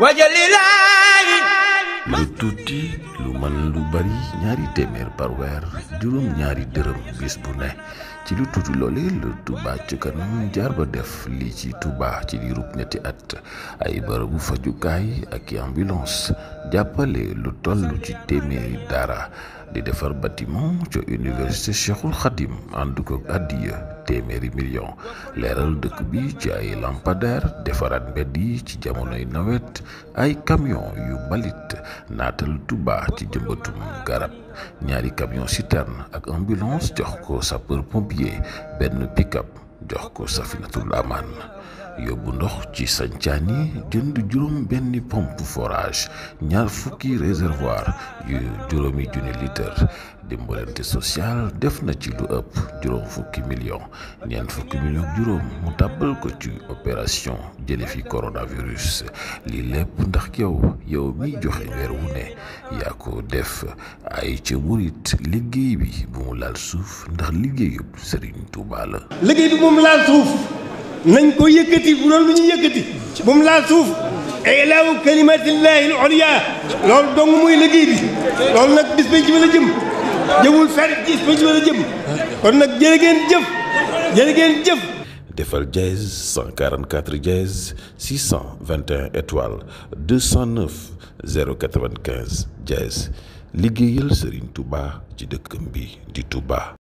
wajalilaayi lu tuuti lu mën lu bari ñaari téeméer par weer juróom ñaari dërëm bis bu ne ci lu tuuti loole la Touba ci kanam jaar ba def lii ci Touba ci diirub netti at ay bërëbu fajukaay ak i ambulance jàppale lu toll ci téeméeri dara di defar bâtiment ca université Cheikhul Khadim ànd ko addiya téeméeri million leeral dëkk bi ci ay lampadaire defaraat mbedd yi ci jamonoy nawet ay camion yu mbalit naatal Touba ci jëmbatum garab ñaari camion citerne ak ambulance jox ko sapeur pompier benn pick jox ko Safinatul Amaan yóbbu ndox ci sancaan yi jënd juróom benn pompe forage ñaar fukki réservoir yu juróomi junni litre dimbalante sociale def na ci lu ëpp juróom fukki million ñeent fukki mu tàbbal ko ci opération jële fi coronavirus lii lépp ndax yow yow mi joxe weer ne yaa ko def ay ca murit liggéey bi bu mu laal suuf ndax liggéeyub Serigne Touba la. liggéey bi bu nañ ko yëkkati bu doon ñu yëkkati bu mu laal suuf ilaawu kalimatillahi al ulya loolu mooy liggéey bi loolu nag bis bañ ci mën a jëm jëmul fer bis bañ ci mën jëm kon nag jërë ngeen jëf jërë ngeen jëf defal jazz 144 jazz liggéeyal Serigne Touba ci dëkkam bi di Touba